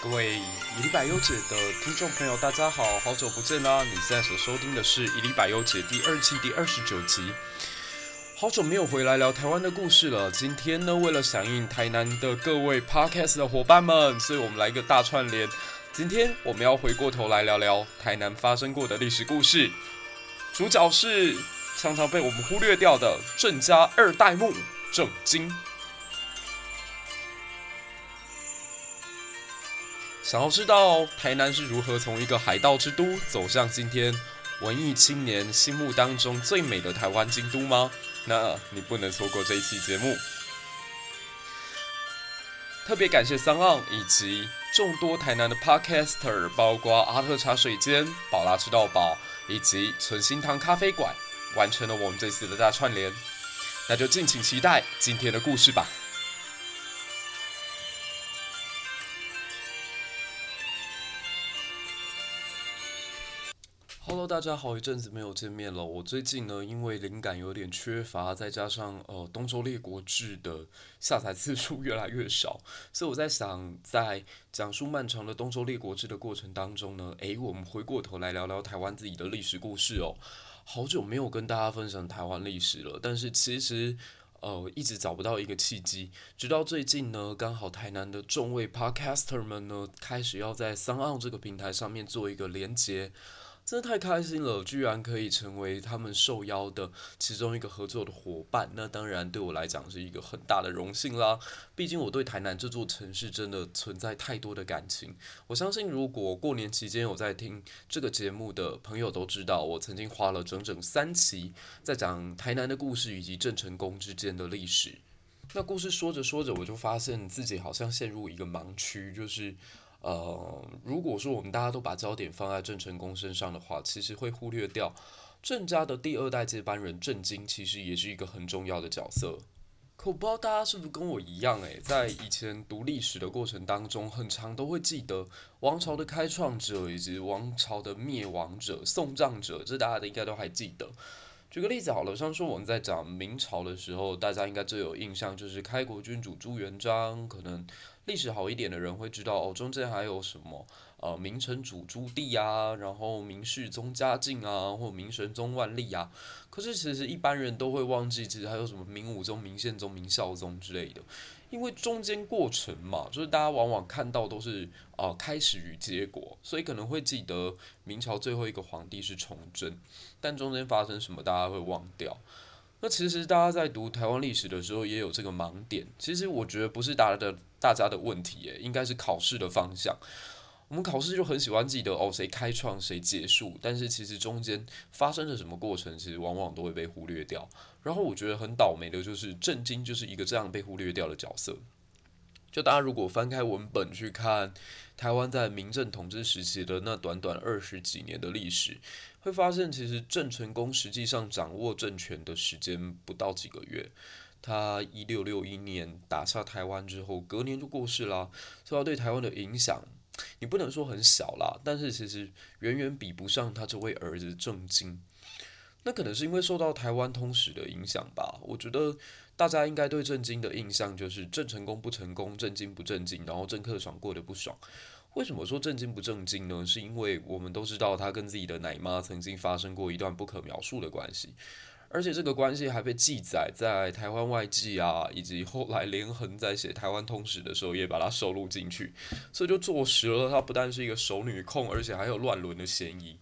各位一粒百憂解的聽眾朋友，大家好，好久不見啦！你現在所收聽的是一粒百憂解第二季第二十九集。好久沒有回來聊台灣的故事了，今天呢，為了響應台南的各位 Podcast 的夥伴們，所以我們來個大串聯。今天我們要回過頭來聊聊台南發生過的歷史故事，主角是常常被我們忽略掉的鄭家二代目鄭經。想要知道台南是如何從一個海盜之都走向今天文藝青年心目當中最美的台灣京都嗎？那你不能錯過這一期節目。特別感謝桑岸以及眾多台南的 Podcaster，包括阿特茶水間、寶拉知道堡以及存心堂咖啡館，完成了我們這次的大串聯。那就敬請期待今天的故事吧。大家好，一陣子沒有見面了。我最近呢，因為靈感有點缺乏，再加上呃《東周列國志》的下載次數越來越少，所以我在想，在講述漫長的《東周列國志》的過程當中呢，誒、欸，我們回過頭來聊聊台灣自己的歷史故事哦、喔。好久沒有跟大家分享台灣歷史了，但是其實呃一直找不到一個契機，直到最近呢，剛好台南的眾位 Podcaster 們呢，開始要在 SoundOn 這個平台上面做一個連結。真的太開心了，居然可以成為他們受邀的其中一個合作的夥伴，那當然對我來講是一個很大的榮幸啦。畢竟我對台南這座城市真的存在太多的感情。我相信，如果過年期間有在聽這個節目的朋友都知道，我曾經花了整整三期在講台南的故事以及鄭成功之間的歷史。那故事說着說着，我就發現自己好像陷入一個盲區，就是。呃，如果說我們大家都把焦點放在鄭成功身上的話，其實會忽略掉鄭家的第二代接班人鄭經，其實也是一個很重要的角色。可我不知道大家是不是跟我一樣、欸，誒，在以前讀歷史的過程當中，很常都會記得王朝的開創者以及王朝的滅亡者、送葬者，這大家應該都還記得。舉個例子好了，像說我們在講明朝的時候，大家應該最有印象就是開國君主朱元璋，可能。歷史好一點的人會知道哦，中間還有什麼呃，明成祖朱棣啊，然後明世宗嘉靖啊，或明神宗萬曆啊。可是其實一般人都會忘記，其實還有什麼明武宗、明憲宗、明孝宗之類的。因為中間過程嘛，就是大家往往看到都是呃開始與結果，所以可能會記得明朝最後一個皇帝是崇禎，但中間發生什麼，大家會忘掉。那其實大家在讀台灣歷史的時候也有這個盲點，其實我覺得不是大家的大家的問題耶、欸，應該是考試的方向。我們考試就很喜歡記得哦，誰開創誰結束，但是其實中間發生了什麼過程，其實往往都會被忽略掉。然後我覺得很倒霉的就是鄭經，就是一個這樣被忽略掉的角色。就大家如果翻開文本去看，台灣在明鄭統治時期的那短短二十幾年的歷史，會發現其實鄭成功實際上掌握政權的時間不到幾個月。他一六六一年打下台灣之後，隔年就過世啦，所以他對台灣的影響，你不能說很小啦，但是其實遠遠比不上他這位兒子鄭經。那可能是因為受到台灣通史的影響吧，我覺得。大家應該對鄭經的印象就是鄭成功不成功，鄭經不正經。然後鄭克爽過得不爽。為什麼說鄭經不正經呢？是因為我們都知道他跟自己的奶媽曾經發生過一段不可描述的關係，而且這個關係還被記載在《臺灣外記》啊，以及後來連橫在寫《臺灣通史》的時候也把它收錄進去，所以就坐實了他不但是一個熟女控，而且還有亂倫的嫌疑。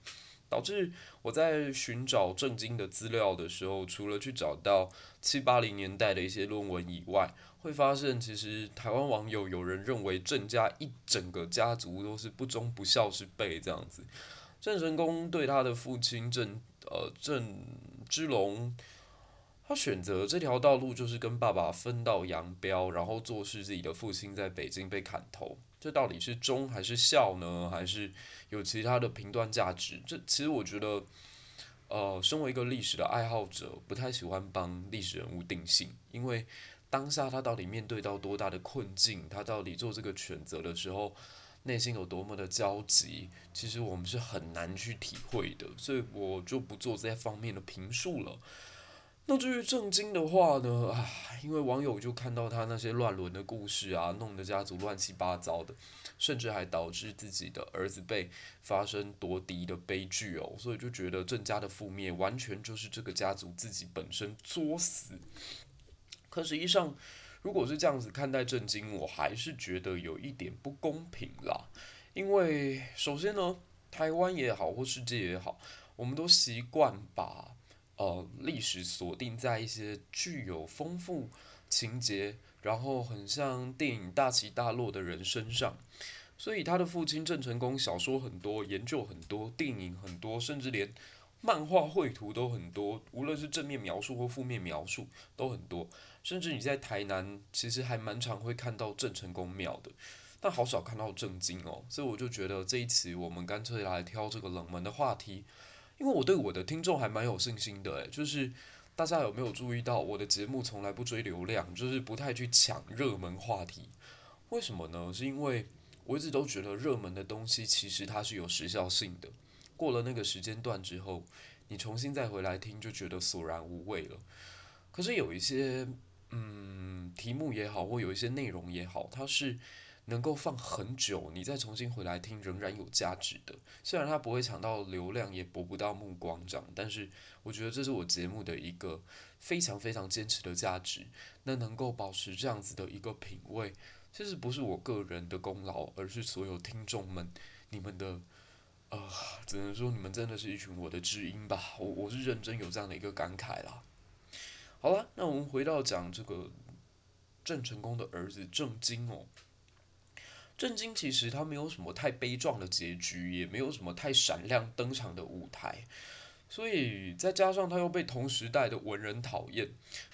導致我在尋找鄭經的資料的時候，除了去找到七八零年代的一些論文以外，會發現其實台灣網友有人認為鄭家一整個家族都是不忠不孝之輩這樣子。鄭成功對他的父親鄭呃鄭芝龍。他選擇這條道路，就是跟爸爸分道揚鑣，然後坐視自己的父親在北京被砍頭。這到底是忠還是孝呢？還是有其他的評斷價值？這其實我覺得，呃，身為一個歷史的愛好者，不太喜歡幫歷史人物定性，因為當下他到底面對到多大的困境，他到底做這個選擇的時候，內心有多麼的焦急，其實我們是很難去體會的。所以我就不做這方面的評述了。那至於鄭經的話呢？啊，因為網友就看到他那些亂倫的故事啊，弄得家族亂七八糟的，甚至還導致自己的兒子被發生奪嫡的悲劇哦，所以就覺得鄭家的覆滅完全就是這個家族自己本身作死。可實際上，如果是這樣子看待鄭經，我還是覺得有一點不公平啦。因為首先呢，台灣也好，或世界也好，我們都習慣把。呃，歷史鎖定在一些具有豐富情節，然後很像電影大起大落的人身上，所以他的父親鄭成功小說很多，研究很多，電影很多，甚至連漫畫繪圖都很多。無論是正面描述或負面描述都很多，甚至你在台南其實還蠻常會看到鄭成功廟的，但好少看到鄭經哦。所以我就覺得這一期我們乾脆來挑這個冷門的話題。因為我對我的聽眾還蠻有信心的，欸，就是大家有沒有注意到我的節目從來不追流量，就是不太去搶熱門話題，為什麼呢？是因為我一直都覺得熱門的東西其實它是有時效性的，過了那個時間段之後，你重新再回來聽就覺得索然無味了。可是有一些，嗯，題目也好，或有一些內容也好，它是。能夠放很久，你再重新回來聽仍然有價值的。雖然它不會搶到流量，也博不到目光這樣，但是我覺得這是我節目的一個非常非常堅持的價值。那能夠保持這樣子的一個品味，其實不是我個人的功勞，而是所有聽眾們，你們的，呃，只能說你們真的是一群我的知音吧。我我是認真有這樣的一個感慨啦。好了，那我們回到講這個鄭成功的兒子鄭經哦、喔。鄭經，其實他沒有什麼太悲壯的結局，也沒有什麼太閃亮登場的舞台，所以再加上他又被同時代的文人討厭。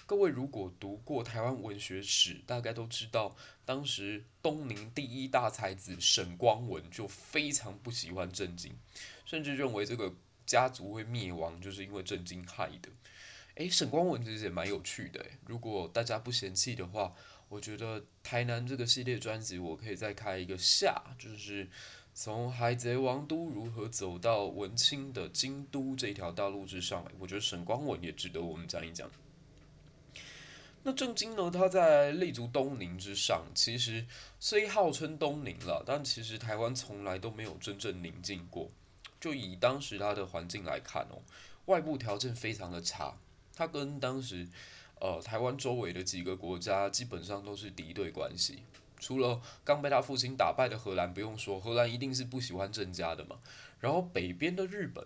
各位如果讀過台灣文學史，大概都知道，當時東寧第一大才子沈光文就非常不喜歡鄭經，甚至認為這個家族會滅亡就是因為鄭經害的。誒、欸，沈光文其實也蠻有趣的、欸，如果大家不嫌棄的話。我覺得台南這個系列專輯，我可以再開一個下，就是從海賊王都如何走到文青的京都這條道路之上，我覺得沈光文也值得我們講一講。那鄭經呢？他在立足東寧之上，其實雖號稱東寧了，但其實台灣從來都沒有真正寧靜過。就以當時他的環境來看哦，外部條件非常的差，他跟當時。呃，台灣周圍的幾個國家基本上都是敵對關係，除了剛被他父親打敗的荷蘭，不用說，荷蘭一定是不喜歡鄭家的嘛。然後北邊的日本，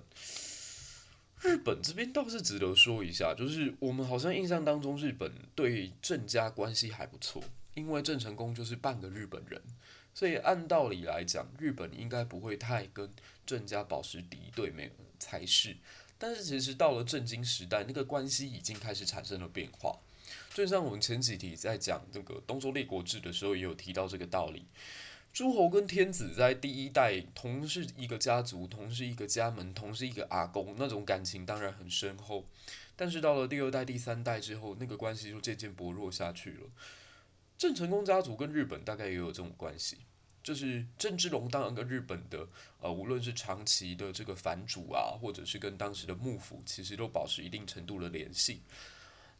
日本這邊倒是值得說一下，就是我們好像印象當中，日本對鄭家關係還不錯，因為鄭成功就是半個日本人，所以按道理來講，日本應該不會太跟鄭家保持敵對，沒有才是。但是其實到了鄭經時代，那個關係已經開始產生了變化。就像我們前幾集在講那個《東周列國志》的時候，也有提到這個道理：諸侯跟天子在第一代同是一個家族，同是一個家門，同是一個阿公，那種感情當然很深厚。但是到了第二代、第三代之後，那個關係就漸漸薄弱下去了。鄭成功家族跟日本大概也有這種關係。就是鄭芝龍當然跟日本的，呃，無論是長崎的這個藩主啊，或者是跟當時的幕府，其實都保持一定程度的聯繫。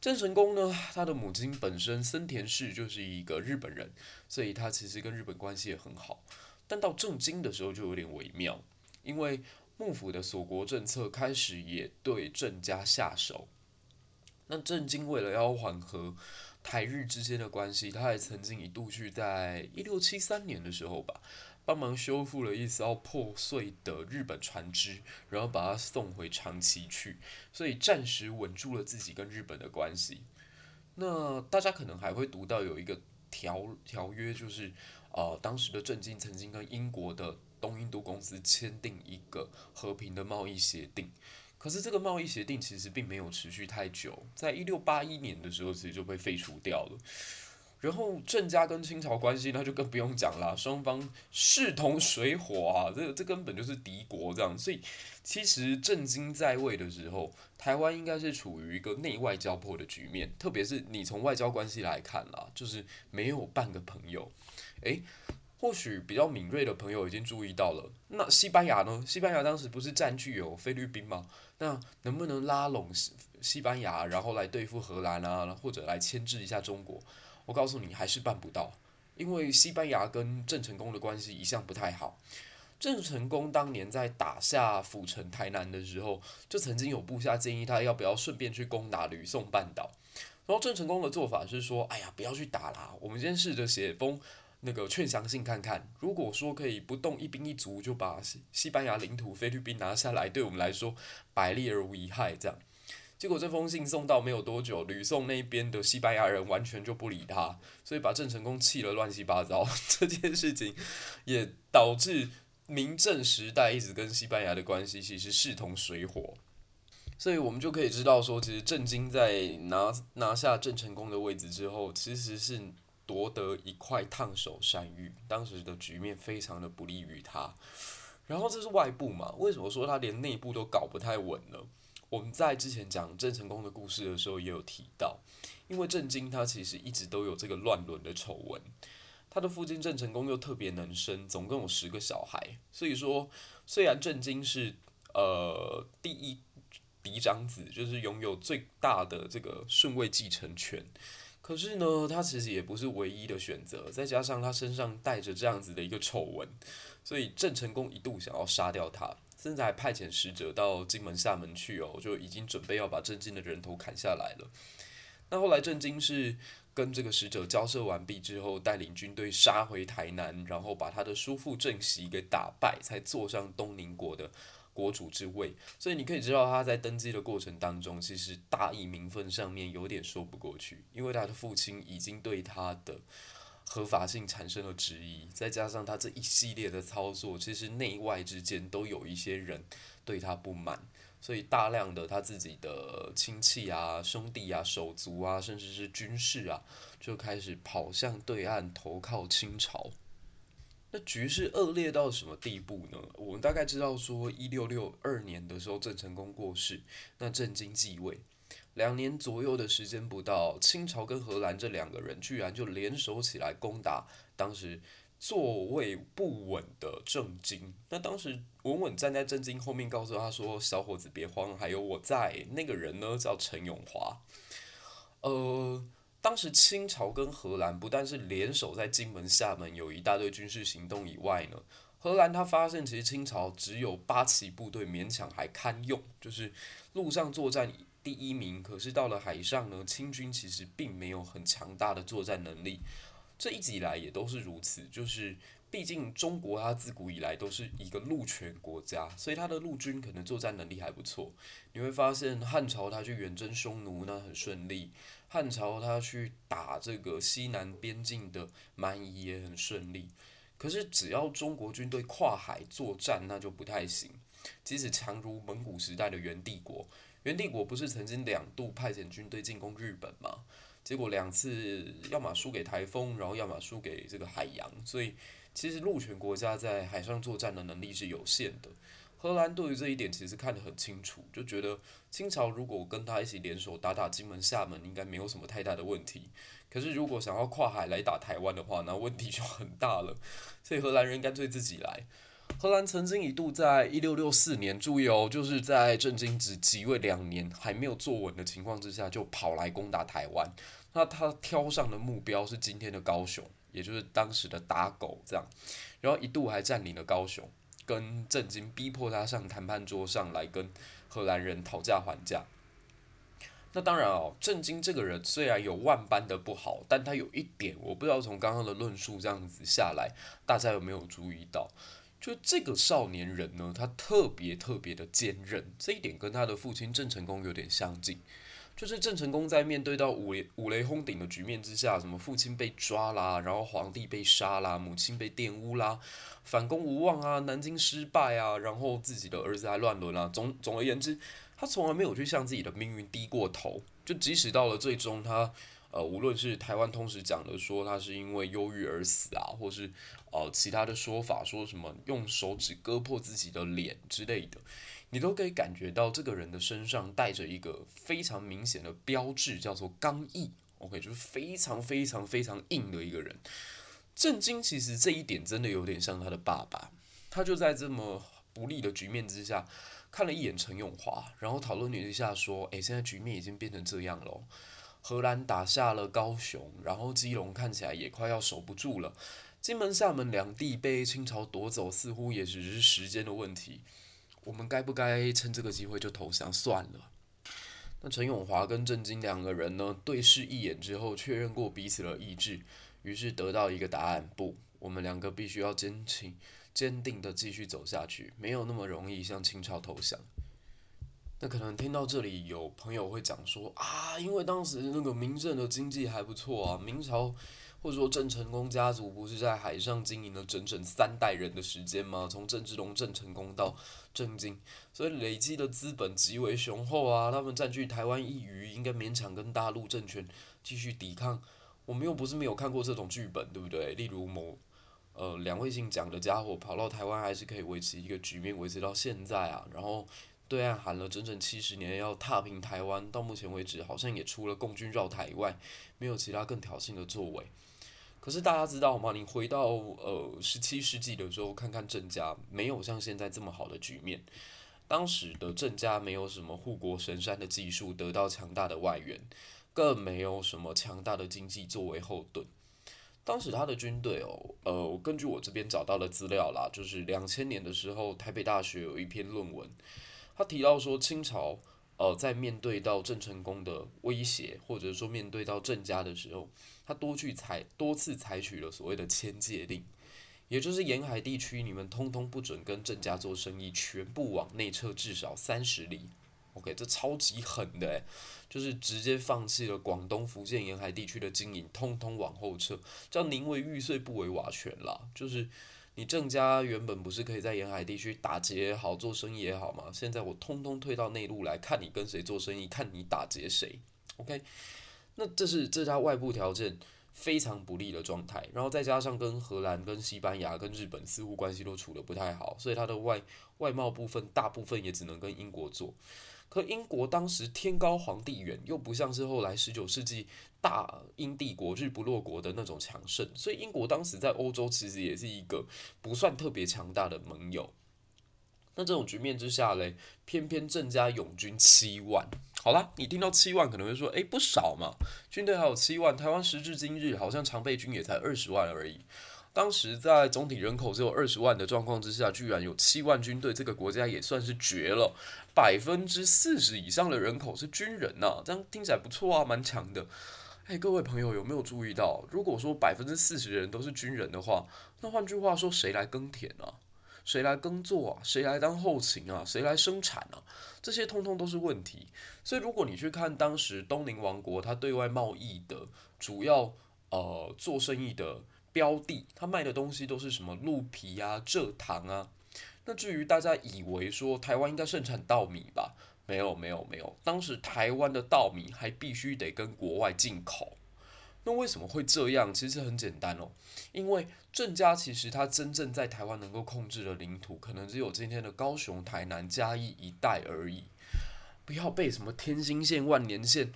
鄭成功呢，他的母親本身森田氏就是一個日本人，所以他其實跟日本關係也很好。但到鄭經的時候就有點微妙，因為幕府的鎖國政策開始也對鄭家下手。那鄭經為了要緩和，台日之間的關係，他也曾經一度是在一六七三年的時候吧，幫忙修復了一艘破碎的日本船只，然後把它送回長崎去，所以暫時穩住了自己跟日本的關係。那大家可能還會讀到有一個條條約，就是呃，當時的鄭經曾經跟英國的東印度公司簽訂一個和平的貿易協定。可是這個貿易協定其實並沒有持續太久。在一六八一年的時候，其實就被廢除掉了。然後鄭家跟清朝關係，那就更不用講了，雙方勢同水火啊，這這根本就是敵國這樣。所以，其實鄭經在位的時候，台灣應該是處於一個內外交迫的局面，特別是你從外交關係來看啦，就是沒有半個朋友，誒、欸。或許比較敏銳的朋友已經注意到了，那西班牙呢？西班牙當時不是占據有菲律賓嗎？那能不能拉攏西西班牙，然後來對付荷蘭啊，或者來牽制一下中國？我告訴你，還是辦不到，因為西班牙跟鄭成功的關係一向不太好。鄭成功當年在打下府城、台南的時候，就曾經有部下建議他要不要順便去攻打呂宋半島，然後鄭成功的做法是說：“哎呀，不要去打啦，我們先試着寫封。”那個勸降信看看，如果說可以不動一兵一卒就把西班牙領土菲律賓拿下來，對我們來說百利而無一害。這樣，結果這封信送到沒有多久，呂宋那邊的西班牙人完全就不理他，所以把鄭成功氣得亂七八糟。這件事情也導致明鄭時代一直跟西班牙的關係其實是勢同水火，所以我們就可以知道說，其實鄭經在拿拿下鄭成功的位置之後，其實是。奪得一塊燙手山芋，當時的局面非常的不利於他。然後這是外部嘛，為什麼說他連內部都搞不太穩呢？我們在之前講鄭成功的故事的時候也有提到，因為鄭經他其實一直都有這個亂倫的醜聞，他的父親鄭成功又特別能生，總共有十個小孩。所以說，雖然鄭經是呃第一嫡長子，就是擁有最大的這個順位繼承權。可是呢，他其實也不是唯一的選擇，再加上他身上帶着這樣子的一個醜聞，所以鄭成功一度想要殺掉他，甚至還派遣使者到金門、廈門去哦，就已經準備要把鄭經的人頭砍下來了。那後來鄭經是跟這個使者交涉完畢之後，帶領軍隊殺回台南，然後把他的叔父鄭襲給打敗，才坐上東寧國的。國主之位，所以你可以知道他在登基的過程當中，其實大義名分上面有點說不過去，因為他的父親已經對他的合法性產生了質疑，再加上他這一系列的操作，其實內外之間都有一些人對他不滿，所以大量的他自己的親戚啊、兄弟啊、手足啊，甚至是軍事啊，就開始跑向對岸投靠清朝。局勢惡劣到什麼地步呢？我們大概知道，說一六六二年的時候，鄭成功過世，那鄭經繼位，兩年左右的時間不到，清朝跟荷蘭這兩個人居然就聯手起來攻打當時座位不穩的鄭經。那當時穩穩站在鄭經後面，告訴他說：“小伙子別慌，還有我在。”那個人呢叫陳永華，呃。當時清朝跟荷蘭不但是聯手在金門、廈門有一大堆軍事行動以外呢，荷蘭他發現其實清朝只有八旗部隊勉強還堪用，就是陸上作戰第一名，可是到了海上呢，清軍其實並沒有很強大的作戰能力。這一直以來也都是如此，就是畢竟中國它自古以來都是一個陸權國家，所以它的陸軍可能作戰能力還不錯。你會發現漢朝它去遠征匈奴，那很順利。漢朝他去打這個西南邊境的蠻夷也很順利，可是只要中國軍隊跨海作戰，那就不太行。即使強如蒙古時代的元帝國，元帝國不是曾經兩度派遣軍隊進攻日本嗎？結果兩次要嘛輸給台風，然後要嘛輸給這個海洋，所以其實陸權國家在海上作戰的能力是有限的。荷蘭對於這一點其實看得很清楚，就覺得清朝如果跟他一起聯手打打金門、廈門，應該沒有什麼太大的問題。可是如果想要跨海來打台灣的話，那問題就很大了。所以荷蘭人乾脆自己來。荷蘭曾經一度在1664年，注意哦，就是在鄭經只即位兩年還沒有坐穩的情況之下，就跑來攻打台灣。那他挑上的目標是今天的高雄，也就是當時的打狗，這樣，然後一度還佔領了高雄。跟鄭經逼迫他上談判桌上來跟荷蘭人討價還價。那當然哦，鄭經這個人雖然有萬般的不好，但他有一點我不知道從剛剛的論述這樣子下來，大家有沒有注意到？就這個少年人呢，他特別特別的堅韌，這一點跟他的父親鄭成功有點相近。就是鄭成功在面對到五雷五雷轟頂的局面之下，什麼父親被抓啦，然後皇帝被殺啦，母親被玷污啦，反攻無望啊，南京失敗啊，然後自己的兒子還亂倫啊，總總而言之，他從來沒有去向自己的命運低過頭，就即使到了最終他，他呃無論是台灣通史講的說他是因為憂鬱而死啊，或是呃，其他的說法說什麼用手指割破自己的臉之類的。你都可以感覺到這個人的身上帶着一個非常明顯的標誌，叫做剛毅。OK，就是非常非常非常硬的一個人。鄭經，其實這一點真的有點像他的爸爸。他就在這麼不利的局面之下，看了一眼陳永華，然後討論了一下說：“哎，現在局面已經變成這樣了，荷蘭打下了高雄，然後基隆看起來也快要守不住了。金門、廈門兩地被清朝奪走，似乎也只是時間的問題。”我們該不該趁這個機會就投降算了？那陳永華跟鄭經兩個人呢，對視一眼之後，確認過彼此的意志，於是得到一個答案：不，我們兩個必須要堅強、堅定的繼續走下去，沒有那麼容易向清朝投降。那可能聽到這裡有朋友會講說啊，因為當時那個明鄭的經濟還不錯啊，明朝。或者說鄭成功家族不是在海上經營了整整三代人的時間嗎？從鄭芝龍、鄭成功到鄭經，所以累積的資本極為雄厚啊！他們佔據台灣一隅，應該勉強跟大陸政權繼續抵抗。我們又不是沒有看過這種劇本，對不對？例如某，呃，兩位姓蔣的傢伙跑到台灣還是可以維持一個局面，維持到現在啊。然後對岸喊了整整七十年要踏平台灣，到目前為止好像也除了共軍繞台以外，沒有其他更挑釁的作為。可是大家知道嗎？你回到呃十七世紀的時候，看看鄭家沒有像現在這麼好的局面。當時的鄭家沒有什麼護國神山的技術，得到強大的外援，更沒有什麼強大的經濟作為後盾。當時他的軍隊哦，呃，根據我這邊找到的資料啦，就是兩千年的時候，台北大學有一篇論文，他提到說清朝。呃，在面對到鄭成功的威脅，或者說面對到鄭家的時候，他多去採多次採取了所謂的遷界令，也就是沿海地區你們通通不准跟鄭家做生意，全部往內撤至少三十里。OK，這超級狠的，就是直接放棄了廣東、福建沿海地區的經營，通通往後撤，叫寧為玉碎不為瓦全啦，就是。你鄭家原本不是可以在沿海地區打劫也好，做生意也好嗎？現在我通通退到內陸來，看你跟誰做生意，看你打劫誰。OK，那這是這家外部條件非常不利的狀態，然後再加上跟荷蘭、跟西班牙、跟日本似乎關係都處得不太好，所以它的外外貿部分大部分也只能跟英國做。可英國當時天高皇帝遠，又不像是後來十九世紀大英帝國日不落國的那種強盛，所以英國當時在歐洲其實也是一個不算特別強大的盟友。那這種局面之下嘞，偏偏鄭家擁軍七萬。好啦，你聽到七萬可能會說，哎，不少嘛，軍隊還有七萬。台灣時至今日，好像常備軍也才二十萬而已。當時在總體人口只有二十萬的狀況之下，居然有七萬軍隊，這個國家也算是絕了。百分之四十以上的人口是軍人吶、啊，這樣聽起來不錯啊，蠻強的。哎，各位朋友有沒有注意到？如果說百分之四十的人都是軍人的話，那換句話說，誰來耕田啊？誰來耕作啊？誰來當後勤啊？誰來生產啊？這些通通都是問題。所以如果你去看當時東寧王國，它對外貿易的主要呃做生意的。標的，他賣的東西都是什麼鹿皮啊、蔗糖啊。那至於大家以為說，台灣應該盛產稻米吧？沒有，沒有，沒有。當時台灣的稻米還必須得跟國外進口。那為什麼會這樣？其實很簡單哦，因為鄭家其實他真正在台灣能夠控制的領土，可能只有今天的高雄、台南、嘉義一帶而已。不要被什麼天興縣、萬年縣。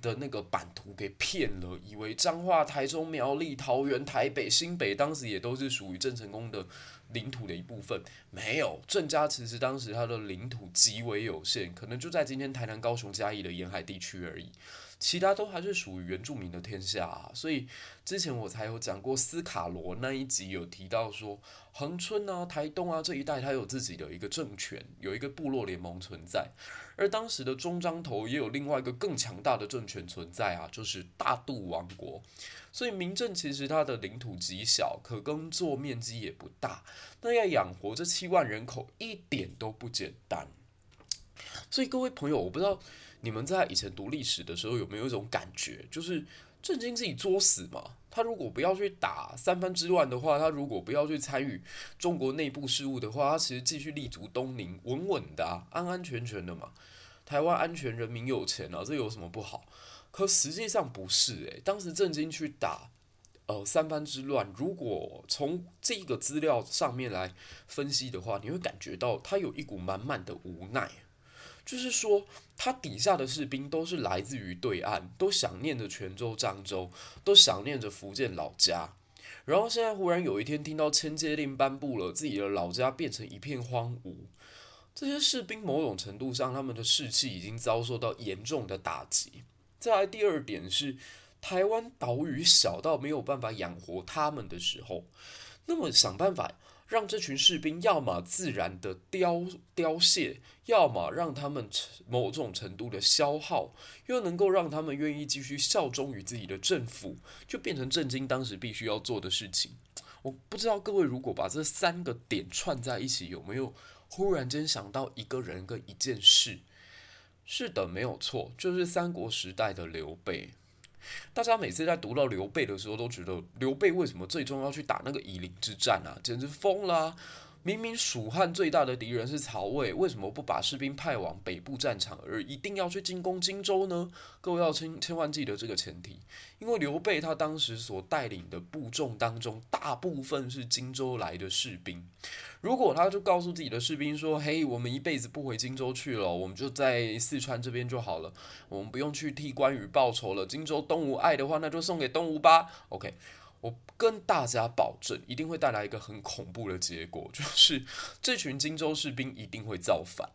的那個版圖給騙了，以為彰化、台中、苗栗、桃園、台北、新北，當時也都是屬於鄭成功的領土的一部分。沒有，鄭家其實當時他的領土極為有限，可能就在今天台南、高雄、嘉義的沿海地區而已。其他都還是屬於原住民的天下啊，所以之前我才有講過斯卡羅那一集有提到說，恆春啊、台東啊這一帶，它有自己的一個政權，有一個部落聯盟存在。而當時的中彰投也有另外一個更強大的政權存在啊，就是大肚王國。所以明鄭其實它的領土極小，可耕作面積也不大，那要養活這七萬人口一點都不簡單。所以各位朋友，我不知道。你們在以前讀歷史的時候，有沒有一種感覺，就是鄭經自己作死嘛？他如果不要去打三藩之亂的話，他如果不要去參與中國內部事務的話，他其實繼續立足東寧，穩穩的、啊，安安全全的嘛。台灣安全，人民有錢了、啊，這有什麼不好？可實際上不是誒、欸。當時鄭經去打，呃，三藩之亂。如果從這個資料上面來分析的話，你會感覺到他有一股滿滿的無奈。就是說，他底下的士兵都是來自於對岸，都想念着泉州、漳州，都想念着福建老家。然後現在忽然有一天聽到遷界令頒布了，自己的老家變成一片荒蕪，這些士兵某種程度上，他們的士氣已經遭受到嚴重的打擊。再來第二點是，台灣島嶼小到沒有辦法養活他們的時候，那麼想辦法，讓這群士兵要麼自然的凋凋謝，要麼讓他們某種程度的消耗，又能夠讓他們願意繼續效忠於自己的政府，就變成鄭經當時必須要做的事情。我不知道各位如果把這三個點串在一起，有沒有忽然間想到一個人跟一件事？是的，沒有錯，就是三國時代的劉備。大家每次在讀到劉備的時候，都覺得劉備為什麼最終要要去打那個夷陵之戰啊？簡直瘋了啊！明明蜀漢最大的敵人是曹魏，為什麼不把士兵派往北部戰場，而一定要去進攻荊州呢？各位要千千萬記得這個前提，因為劉備他當時所帶領的部眾當中，大部分是荊州來的士兵。如果他就告訴自己的士兵說：“嘿，我們一輩子不回荊州去了，我們就在四川這邊就好了，我們不用去替關羽報仇了。荊州東吳愛的話，那就送給東吳吧。” OK。我跟大家保證，一定會帶來一個很恐怖的結果，就是這群荊州士兵一定會造反。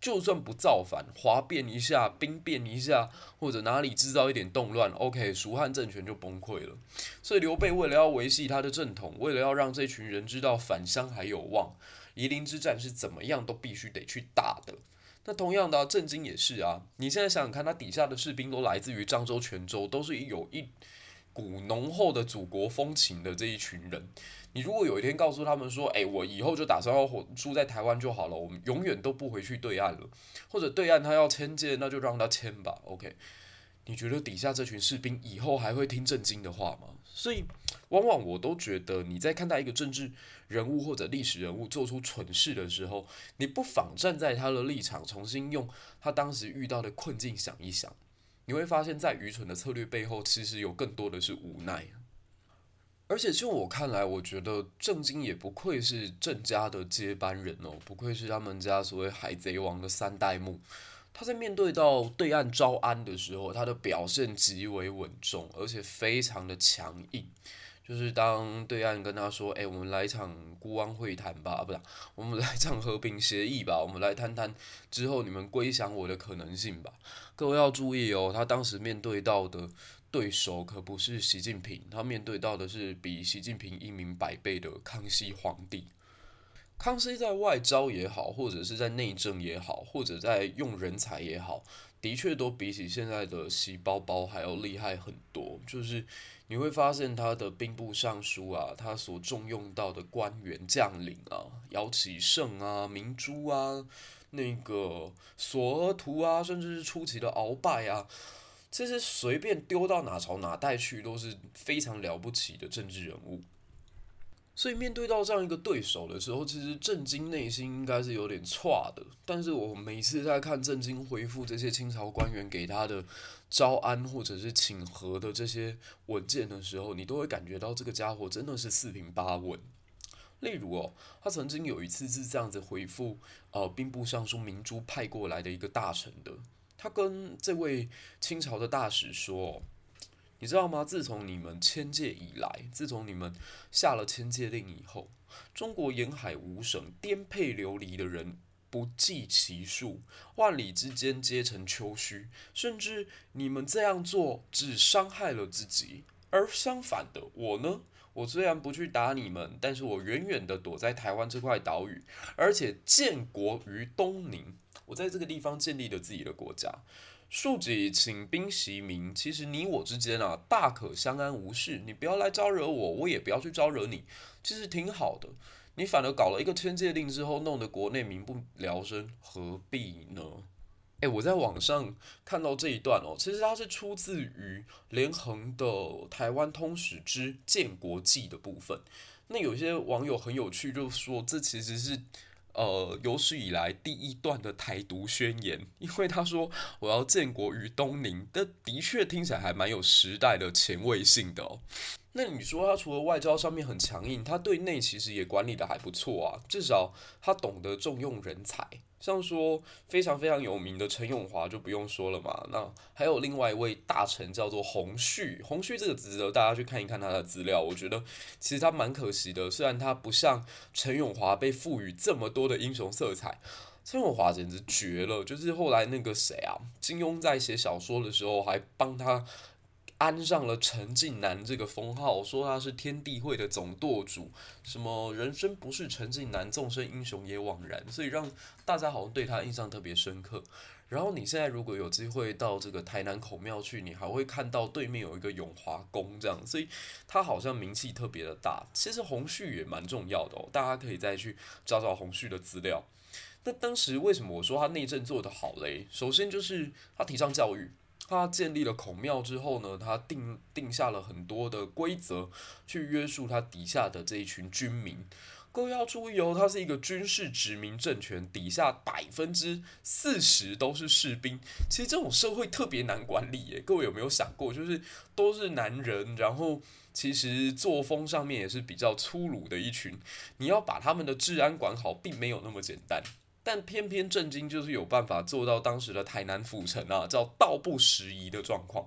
就算不造反，譁變一下、兵變一下，或者哪裡制造一點動亂，OK，蜀漢政權就崩潰了。所以劉備為了要維繫他的正統，為了要讓這群人知道返鄉還有望，夷陵之戰是怎麼樣都必須得去打的。那同樣的，鄭經也是啊。你現在想想看，他底下的士兵都來自於漳州、泉州，都是有一古濃厚的祖國風情的這一群人，你如果有一天告訴他們說：“哎、欸，我以後就打算要活住在台灣就好了，我們永遠都不回去對岸了。”或者對岸他要遷界，那就讓他遷吧。OK，你覺得底下這群士兵以後還會聽鄭經的話嗎？所以，往往我都覺得你在看待一個政治人物或者歷史人物做出蠢事的時候，你不妨站在他的立場，重新用他當時遇到的困境想一想。你會發現在愚蠢的策略背後，其實有更多的是無奈。而且就我看來，我覺得鄭經也不愧是鄭家的接班人哦，不愧是他們家所謂海賊王的三代目。他在面對到對岸招安的時候，他的表現極為穩重，而且非常的強硬。就是當對岸跟他說：“哎、欸，我們來一場辜汪會談吧，不是，我們來一場和平協議吧，我們來談談之後你們歸降我的可能性吧。”各位要注意哦，他當時面對到的對手可不是習近平，他面對到的是比習近平英明百倍的康熙皇帝。康熙在外交也好，或者是在內政也好，或者在用人才也好，的確都比起現在的習包包還要厲害很多，就是。你會發現他的兵部尚書啊，他所重用到的官員將領啊，姚啟聖啊、明珠啊、那個索額圖啊，甚至是初期的鰲拜啊，這些隨便丟到哪朝哪代去都是非常了不起的政治人物。所以面對到這樣一個對手的時候，其實鄭經內心應該是有點錯的。但是我每次在看鄭經回復這些清朝官員給他的，招安或者是請和的這些文件的時候，你都會感覺到這個家伙真的是四平八穩。例如哦，他曾經有一次是這樣子回復呃兵部尚書明珠派過來的一個大臣的，他跟這位清朝的大使說，你知道嗎？自從你們遷界以來，自從你們下了遷界令以後，中國沿海五省顛沛流離的人。不計其數，萬里之間皆成丘墟。甚至你們這樣做只傷害了自己，而相反的我呢？我雖然不去打你們，但是我遠遠地躲在台灣這塊島嶼，而且建國於東寧，我在這個地方建立了自己的國家。庶幾請兵襲民，其實你我之間啊，大可相安無事。你不要來招惹我，我也不要去招惹你，其實挺好的。你反而搞了一個遷界令之後，弄得國內民不聊生，何必呢？哎、欸，我在網上看到這一段哦、喔，其實它是出自於連橫的《台灣通史之建國紀》的部分。那有些網友很有趣，就說這其實是。呃，有史以來第一段的台獨宣言，因為他說我要建國於東寧，這的確聽起來還蠻有時代的前衛性的哦、喔。那你說他除了外交上面很強硬，他對內其實也管理的還不錯啊，至少他懂得重用人才。像說非常非常有名的陳永華就不用說了嘛，那還有另外一位大臣叫做洪旭，洪旭這個值得大家去看一看他的資料，我覺得其實他蠻可惜的，雖然他不像陳永華被賦予這麼多的英雄色彩，陳永華簡直絕了，就是後來那個誰啊，金庸在寫小說的時候還幫他。安上了陳近南這個封號，說他是天地會的總舵主，什麼人生不是陳近南縱身英雄也枉然，所以讓大家好像對他印象特別深刻。然後你現在如果有機會到這個台南孔廟去，你還會看到對面有一個永華宮，這樣，所以他好像名氣特別的大。其實洪旭也蠻重要的哦，大家可以再去找找洪旭的資料。那當時為什麼我說他內政做得好嘞？首先就是他提倡教育。他建立了孔廟之後呢，他定定下了很多的規則，去約束他底下的這一群軍民。各位要注意哦，他是一個軍事殖民政權，底下百分之四十都是士兵。其實這種社會特別難管理耶。各位有沒有想過，就是都是男人，然後其實作風上面也是比較粗魯的一群，你要把他們的治安管好，並沒有那麼簡單。但偏偏鄭經，就是有辦法做到當時的台南府城啊，叫“道不拾遺”的狀況。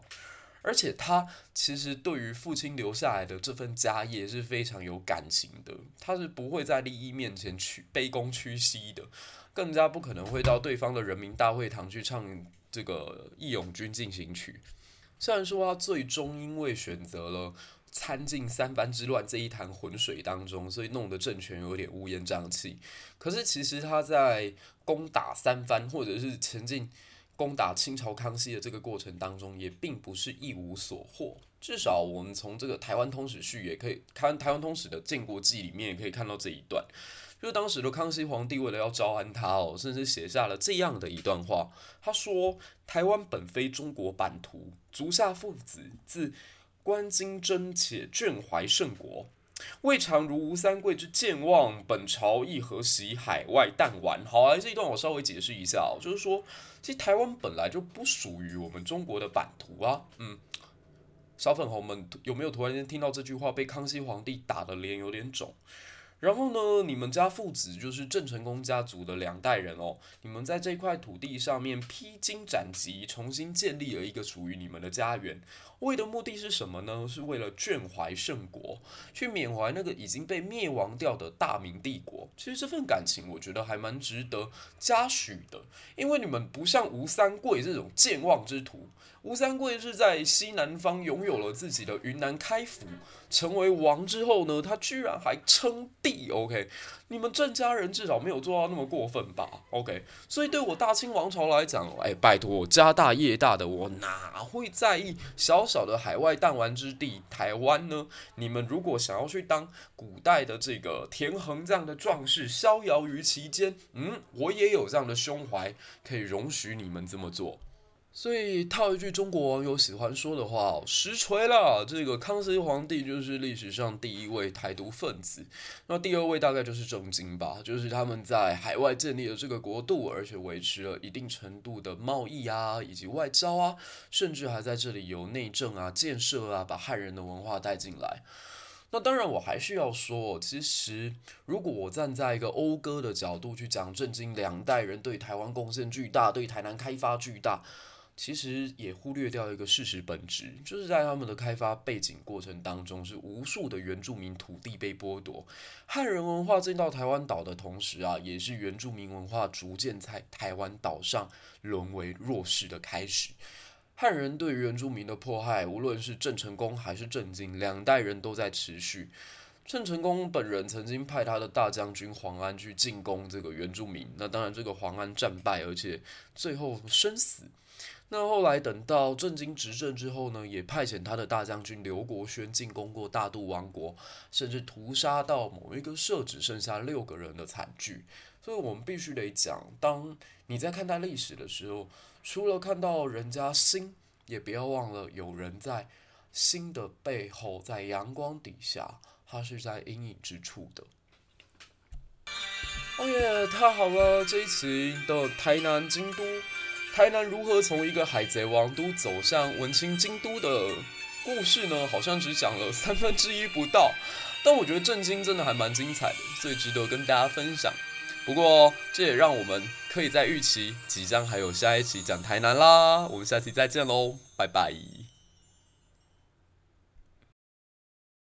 而且他其實對於父親留下來的這份家業是非常有感情的，他是不會在利益面前去卑躬屈膝的，更加不可能會到對方的人民大會堂去唱這個《義勇軍進行曲》。雖然說他最終因為選擇了。摻進三藩之亂這一潭渾水當中，所以弄得政權有點烏煙瘴氣。可是其實他在攻打三藩，或者是前進攻打清朝康熙的這個過程當中，也並不是一無所獲。至少我們從這個《台灣通史序》也可以看，《台灣通史》的《建國記》裡面也可以看到這一段，就是當時的康熙皇帝為了要招安他哦，甚至寫下了這樣的一段話，他說：“台灣本非中國版圖，足下父子自。”觀今真切眷懷勝國，未嘗如吳三桂之健忘。本朝亦何喜海外彈丸？好、啊，來這一段我稍微解釋一下、哦、就是說，其實台灣本來就不屬於我們中國的版圖啊。嗯，小粉紅們有沒有突然間聽到這句話，被康熙皇帝打得臉有點腫？然後呢，你們家父子就是鄭成功家族的兩代人哦。你們在這塊土地上面披荊斬棘，重新建立了一個屬於你們的家園，為的目的是什麼呢？是為了眷懷聖國，去緬懷那個已經被滅亡掉的大明帝國。其實這份感情，我覺得還蠻值得嘉許的，因為你們不像吳三桂這種健忘之徒。吳三桂是在西南方擁有了自己的雲南開府，成為王之後呢，他居然還稱帝。OK，你們鄭家人至少沒有做到那麼過分吧？OK，所以對我大清王朝來講，哎，拜托，家大業大的我哪會在意小小的海外彈丸之地台灣呢？你們如果想要去當古代的這個田橫這樣的壯士，逍遙於其間，嗯，我也有這樣的胸懷，可以容許你們這麼做。所以套一句中國網友喜歡說的話，實錘了，這個康熙皇帝就是歷史上第一位台獨分子。那第二位大概就是鄭經吧，就是他們在海外建立了這個國度，而且維持了一定程度的貿易啊，以及外交啊，甚至還在這裡有內政啊、建設啊，把漢人的文化帶進來。那當然，我還是要說，其實如果我站在一個謳歌的角度去講，鄭經兩代人對台灣貢獻巨大，對台南開發巨大。其實也忽略掉一個事實本質，就是在他們的開發背景過程當中，是無數的原住民土地被剝奪，漢人文化進到台灣島的同時啊，也是原住民文化逐漸在台灣島上淪為弱勢的開始。漢人對原住民的迫害，無論是鄭成功還是鄭經，兩代人都在持續。鄭成功本人曾經派他的大將軍黃安去進攻這個原住民，那當然這個黃安戰敗，而且最後身死。那後來等到鄭經執政之後呢，也派遣他的大將軍劉國軒進攻過大肚王國，甚至屠殺到某一個社只剩下六個人的慘劇。所以我們必須得講，當你在看待歷史的時候，除了看到人家心，也不要忘了有人在心的背後，在陽光底下，他是在陰影之處的。哦耶，太好了，這一期的台南京都。台南如何從一個海賊王都走向文青京都的故事呢？好像只講了三分之一不到，但我覺得鄭經真的還蠻精彩的，所以值得跟大家分享。不過這也讓我們可以在預期即將還有下一期講台南啦，我們下期再見嘍，拜拜。